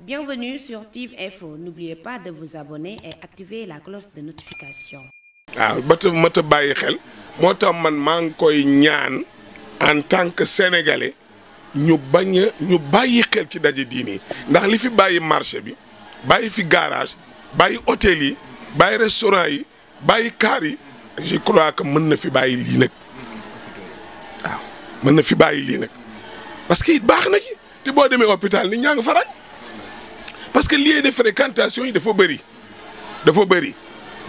Bienvenue sur TIV Info. N'oubliez pas de vous abonner et activer la cloche de notification. waaw ah, bata mata bàyyi xel moo man maa koy ñaan en tant que sénégalais ñu bañ ñu bàyyi xel ci dajé diini ndax li fi bàyyi marché bi bàyyi fi garage bàyyi hôtel yi bàyyi restaurant yi bàyyi car yi je crois que mën na fi bàyyi li nak waaw mën na fi bàyyi li nak parce que baax na ci te bo démé hôpital ni ñang fa raj parce que lieu de fréquentation yi dafa bëri dafa bëri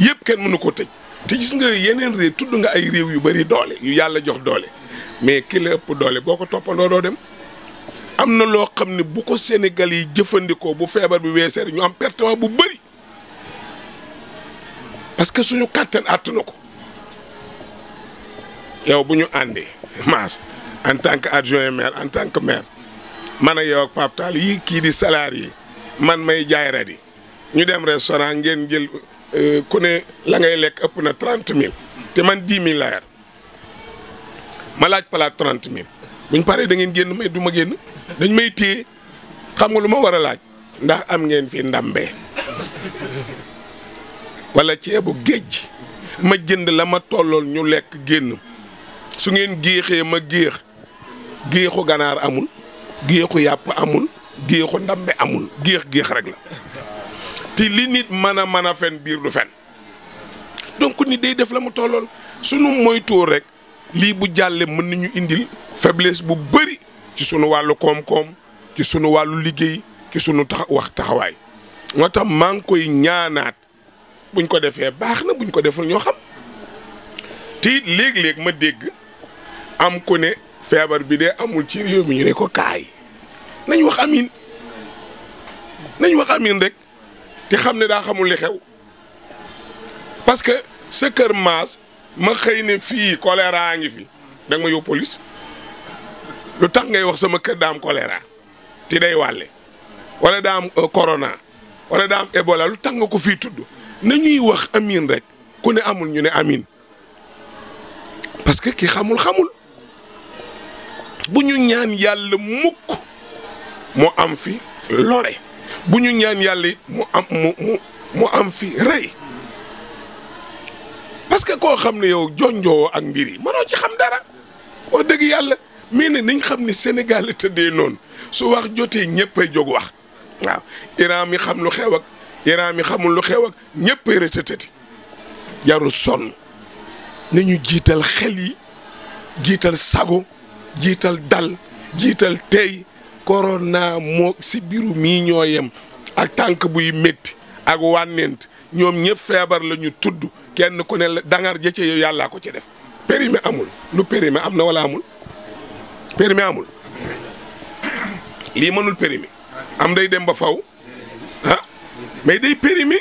yëpp kenn mënu ko tëj te gis nga yeneen réew tudd nga ay réew yu bëri doole yu yàlla jox doole mais ki la doole boo ko toppandoo doo dem am na loo xam ne bu ko Sénégal yi jëfandikoo bu feebar bi weesee rek ñu am pertement bu bëri parce que suñu kàttan àtt na ko yow bu ñu àndee maas en tant que adjoint maire en tant man ak yow ak Pape Tall yii kii di salarié man may jaay radi ñu dem restaurant ngeen jël euh, ku ne la ngay lekk ëpp na trente mille te man dix mille laa yor ma laaj palaat trente mille buñ paree da ngeen génn may du ma génn dañ may téye xam nga lu ma war a laaj ndax am ngeen fi ndambe wala ceebu géej ma jënd la ma tollool ñu lekk génn su ngeen géexee ma géex géexu ganaar amul géexu yàpp amul géexu ndambe amul géex géex rek la te li nit mën a mën a fen biir du fen donc nit day def la mu tolloon sunu moytuwoo rek lii bu jàllee mën nañu indil faiblesse bu bari ci sunu wàllu koom-koom ci sunu wàllu liggéey ci sunu tax wax taxawaay moo tax maa ngi koy ñaanaat buñ ko defee baax na buñ ko deful ñoo xam te léeg-léeg ma dégg am ku ne feebar bi de amul ci réew mi ñu ne ko kaay. nañ wax amiin nañ wax amiin rek te xam ne daa xamul li xew parce que sa kër maas ma xëy ne fii choléra ngi fi da nga ma yóbbu police lu tax ngay wax sama kër daam am choléra te day wàlle wala daa am euh, corona wala daa am Ebola lu tax nga ko fii tudd nañuy wax amiin rek ku ne amul ñu ne amiin parce que xamul xamul bu ñu ñaan yàlla mukk moo am fi lore bu ñu ñaan yàlla it mu am mu mu mu am fi rëy parce que koo xam ne yow jonjoo ak mbir yi mënoo ci xam dara wax dëgg yàlla mais ne nañ xam ne Sénégal tëddee noon su wax jotee ñëppay jog wax waaw Iran mi xam lu xew ak Iran mi xamul lu xew ak ñëppay rëtëtëti jarul sonn nañu jiital xel yi jiital sago jiital dal jiital tey corona moo si biru mii ñoo ak tànk buy metti ak wànnent ñoom ñëpp feebar la ñu tudd kenn ku ne dangar jëcce yow yàllaa ko ci def périmé amul lu périmé am na wala amul périmé amul lii mënul périmé am day dem ba faw ah mais day périmé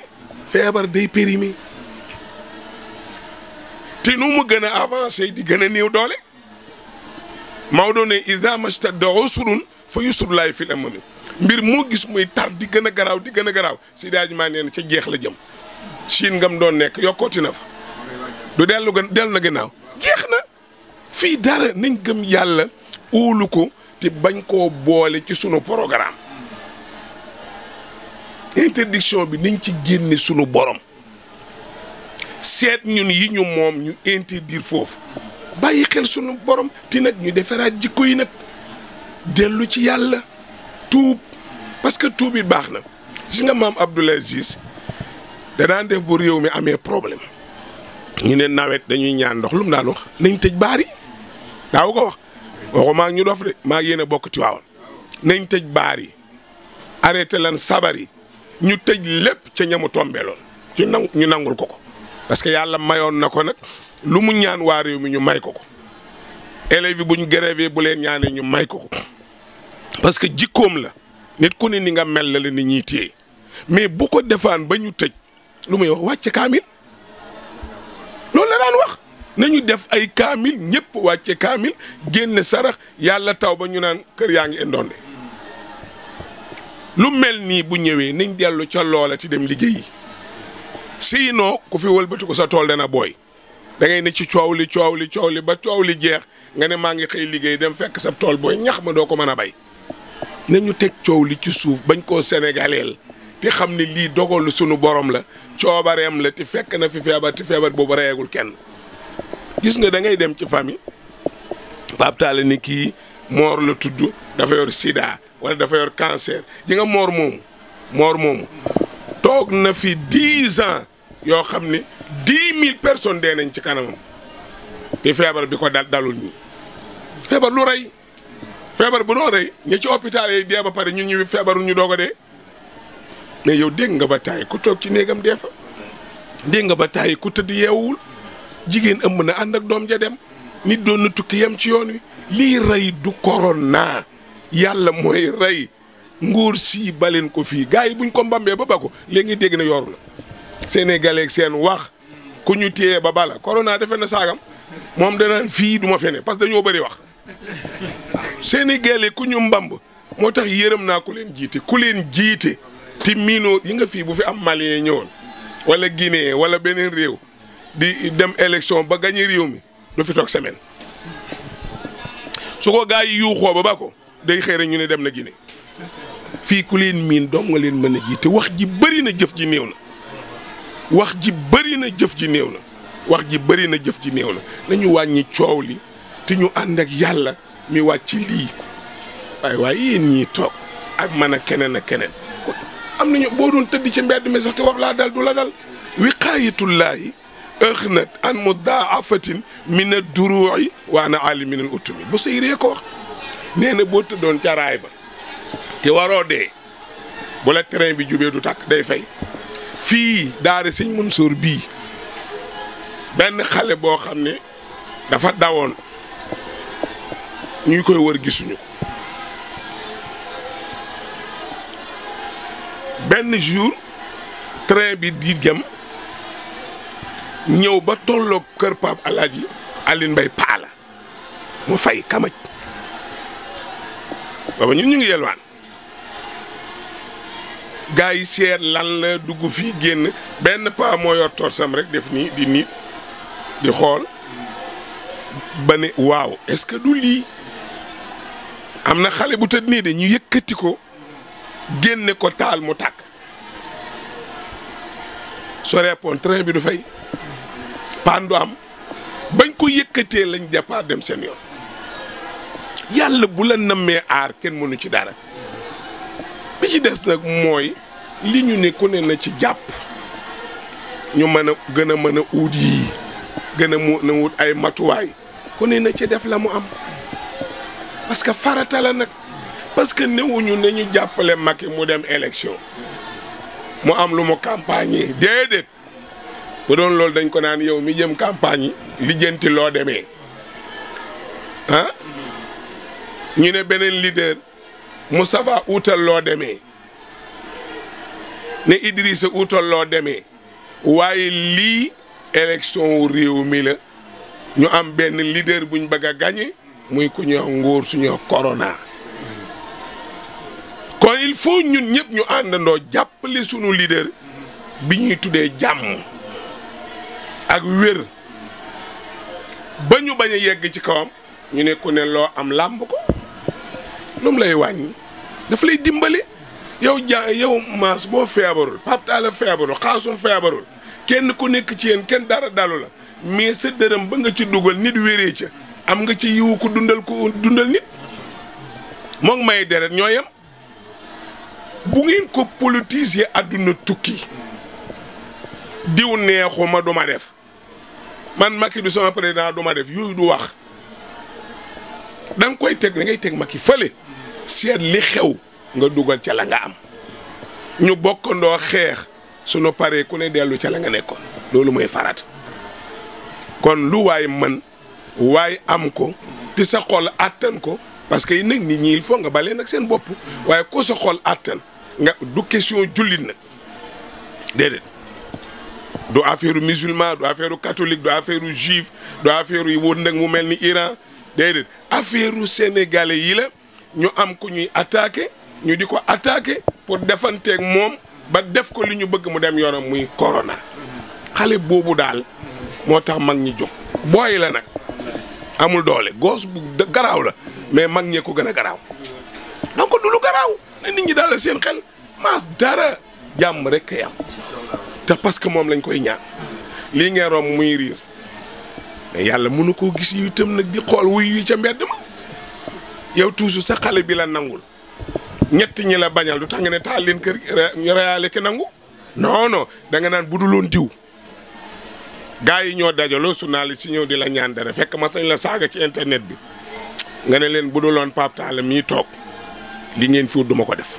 feebar day périmé ti nu mu gën a avancé di gën a néew doole Maodo ne ida mastadda usrun fa yusrulaay fil amami mbir moo gis muy tar di gën a garaaw di gën a garaaw si daaj maa nee ca jeex la jëm Chine ngam doon nekk yokkooti na fa du dellu gën dellu na gannaaw jeex na fii dara nañ gëm yàlla óolu ko te bañ koo boole ci sunu programme interdiction bi niñ ci génne sunu borom seet ñun yi ñu moom ñu interdire foofu bàyyi xel sunu borom ti nag ñu defaraat jikko yi nag dellu ci yàlla tuub parce que tuub it baax na si nga maam Abdoul Aziz danaan def bu réew mi amee problème ñu ne nawet dañuy ñaan ndox lum mu daan wax nañ tëj baari yi ko wax waxu maa ñu dof de maa yéen a bokk ci waawoon nañ tëj baar yi arrêté lan sabar yi ñu tëj lépp ca ñamu tombeeloon ñu ñu nangul ko ko parce que yàlla mayoon na ko nag lu mu ñaan waa réew mi ñu may ko ko élèves yi bu ñu grévé bu leen ñaanee ñu may ko parce que jikkoom la nit ku ne ni nga mel la la nit ñiy téye mais bu ko defaan ba ñu tëj lu muy wax wàcce kaamil loolu la daan wax nañu def ay kaamil ñëpp wàcce kaamil génn sarax yàlla taw ba ñu naan kër yaa ngi indonde lu mel nii bu ñëwee nañ dellu ca loola ci dem liggéey yi sinon ku fi wëlbati ko sa tool dana boy dangay ngay ne ci coow li coow li coow li ba coow li jeex nga ne maa ngi xëy liggéey dem fekk sa tool booy ñax ma doo ko mën a bay na ñu teg coow li ci suuf bañ koo sénégaleel te xam ne lii dogalu sunu borom la coobareem la te fekk na fi feebar te feebar boobu reegul kenn gis nga dangay dem ci famille Pape ni kii moor la tudd dafa yor sida wala dafa yor cancer ji nga moor moomu moor moomu toog na fi dix ans yoo xam ne dix mille personnes dee nañ ci kanamam te feebar bi ko dal dalul ñi feebar lu rey feebar bu doon rey ñi ci hôpital yi dee ba pare ñun ñu feebaru ñu doog a dee mais yow dégg nga ba taay ku toog ci néegam dee fa dégg nga ba taay ku tëdd yeewul jigéen ëmb na ànd doom ja dem nit doon na tukki yam ci yoon wi lii rey du corona yàlla mooy rey nguur sii baleen ko fii gars yi buñ ko mbambee ba ba ko léegi dégg na yooru la sénégalais ak seen wax ku ñu tiye ba bala corona defe na saagam moom danaan fii duma fene parce que dañoo bëri wax sénégalais ku ñu mbàmb moo tax yërëm naa ku leen jiite ku leen jiite ti miinoo yi nga fii bu fi am malien ñëwoon wala Guinée wala beneen réew di dem élection ba gañe réew mi du fi toog semaine su ko gaa yi yuuxoo ba ba ko day xëy ñu ne dem na Guinée fii ku leen miin doom nga leen mën a jiite wax ji bëri na jëf ji néew na wax ji bëri na jëf ji néew na wax ji bëri na jëf ji néew na nañu wàññi coow li te ñu ànd ak yàlla mi wàcc lii waaye waaye yéen ñii toog ak man a keneen ak keneen am nañu boo doon tëdd ci mbedd mi sax te war laa dal du la dal wiqaayatullaahi ëxnat an mudaafatin min a duruuci wa ana ali min al utumi bu sayree ko wax nee na boo tëddoon ca ba te waroo dee bu la train bi jubee du tàkk day fay fii daara sëñ Mansour bii benn xale boo xam ne dafa dawoon ñuy koy wër gisuñu ko benn jour train bi di jëm ñëw ba tollook kër Pape Alaaji Aline Mbaye Paala mu fay kamaj booba ñun ñu ngi yelwaan gars yi seet lan la dugg fii génn benn paa moo yor torsam rek def nii di nit di xool ba ne waaw est-ce que du lii am na xale bu tëdd nii de ñu yëkkati ko génne ko taal mu tàkk soo répond train bi du fay paan am bañ ko yëkkatee lañ jàppaat dem seen yoon yàlla bu la nëmmee aar kenn mënu ci dara. ci des nag mooy li ñu ne ku ne na ci jàpp ñu mën a gën a mën a uut gën a mu na wut ay matuwaay ku na ci def la mu am parce que farata nag parce que newuñu ne ñu jàppale Macky mu dem élection mu am lu mu campagne yi déedéet bu doon loolu dañ ko naan yow mi jëm campagne yi ti loo demee ah ñu ne beneen leader mu Moustapha uutal loo demee ne Idrissa uutal loo demee waaye lii élection wu réew mi la ñu am benn leader buñ bëgg gañe muy ku ñoo nguur suñoo corona kon il faut ñun ñëpp ñu àndandoo jàppale suñu leader bi ñuy tuddee jàmm ak wér bañu ñu bañ a yegg ci kawam ñu ne ku ne loo am làmb ko lu mu lay wàññi daf lay dimbali yow ja yow maas boo feebarul Pape Talla feebarul xaasum feebarul kenn ku nekk ci yéen kenn dara dalu la mais sa dërëm ba nga ci dugal ni wéree ci am nga ci yiwu ku dundal ko dundal nit moom may deret ñoo yem bu ngeen ko politiser àdduna tukki diw neexuma duma def man Macky du sama président duma def yooyu du wax danga koy teg da ngay teg ma ki fële seet li xew nga dugal ca la nga am ñu bokkandoo xeex sunu paree ku ne dellu ca la nga nekkoon loolu mooy farat kon lu waay mën waaye am ko di sa xol attan ko parce que nag nit ñi il faut nga balee nag seen bopp waaye ko sa xol attan nga du question jullit nag déedéet du affaire musulman du affaire katolik du affaire juif du affaire yu woon nag mu mel ni Iran déedéet affaire sénégalais yi la ñu am ku ñuy attaqué ñu di ko attaqué pour defanteeg moom ba def ko li ñu bëgg mu dem yoonam muy korona xale boobu daal moo tax mag ñi jóg booy la nag amul doole goos bu garaaw la mais mag ñee ko gën a garaaw donc du lu garaaw na nit ñi daal seen xel maas dara jàmm rek kay te parce que moom lañ koy ñaan lii ngeen romb muy riir mais yàlla mënu koo gis yu itam nag di xool wuy yu ca mbedd ma yow tuusu sa xale bi la nangul ñett ñi la bañal du tax nga ne taal leen kër ñu reyaale ki nangu non non naan bu duloon diw gaa yi ñoo dajaloo su naa li si ñëw di la ñaan dara fekk ma nañ la saaga ci internet bi nga ne leen bu loon Pape Talla mii toog li ngeen fi duma ko def